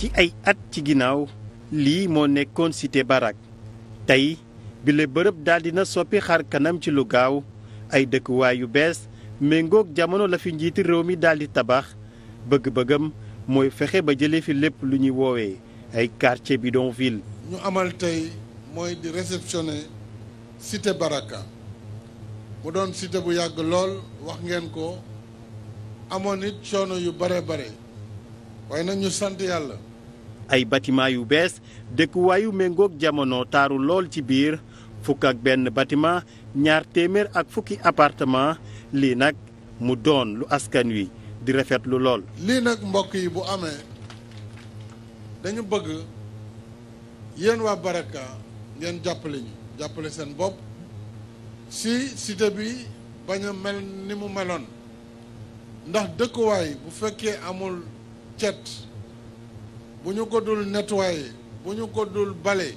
ci ay at ci ginnaaw lii moo nekkoon cité barak tey bile bërëb daal na soppi xar kanam ci lu gaaw ay dëkkuwaay yu bees mais ngoog jamono la fi njiit réew mi daal di tabax bëgg-bëggam mooy fexe ba jëlee fi lépp lu ñuy woowe ay quartier bidonville ñu amal tey mooy di réceptionner cité baraka mu doon cité bu yàgg lool wax ngeen ko amoon it coono yu bare bare waaye nag ñu sant yàlla ay bâtiment yu bees dëkkuwaayu méngook jamono taaru lool ci biir fukk ak benn bâtiment ñaar téeméer ak fukki appartement lii nag mu doon lu askan wi di rafetlu lool. lii nag mbokk yi bu amee dañu bëgg yéen waa Baraka ngeen jàppale seen bopp si cité bi bañ a mel ni mu meloon ndax dëkkuwaay bu fekkee amul cet. bu ñu ko dul nettoyer bu ñu ko dul bale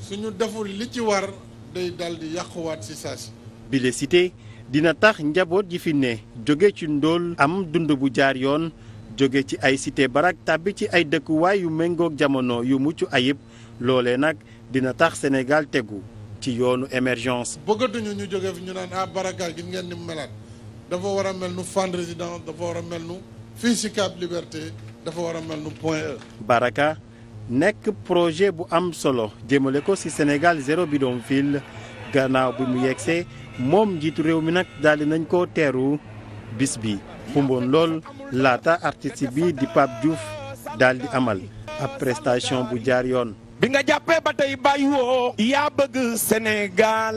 suñu deful li ci war day dal yàquwaat si saa si bile cité dina tax njaboot ji fi ne jóge ci ndool am dund bu jaar yoon jóge ci ay site barak tàbbi ci ay dëkkuwaay yu méngoog jamono yu mucc ayib loolee nag dina tax Sénégal tegu ci yoonu émergence bëggatuñu ñu jóge fi ñu naan ah baraka gis ngeen ni melaat dafa war a mel nu Fann Résidence dafa war mel nu fii si Cap Liberté dafa war a mel nu e. Baraka nekk projet bu am solo jëmale ko ci Sénégal zéro bidonville gannaaw bi mu yegsee moom njiitu réew mi nag daal nañ ko teeru bis bi fumboon lool laata artiste bi di Pape Diouf daal di amal ab prestation bu jaar yoon. bi nga jàppee ba tey bàyyiwoo. yaa bëgg Sénégal.